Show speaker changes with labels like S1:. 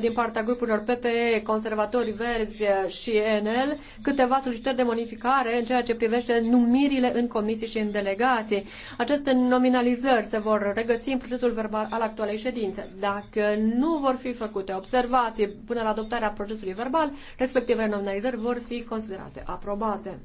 S1: din partea grupurilor PPE, Conservatori Verzi și ENL, câteva solicitări de modificare în ceea ce privește numirile în comisii și în delegații. Aceste nominalizări se vor regăsi în procesul verbal al actualei ședințe. Dacă nu vor fi făcute observații până la adoptarea procesului verbal, respectivele nominalizări vor fi considerate
S2: aprobate.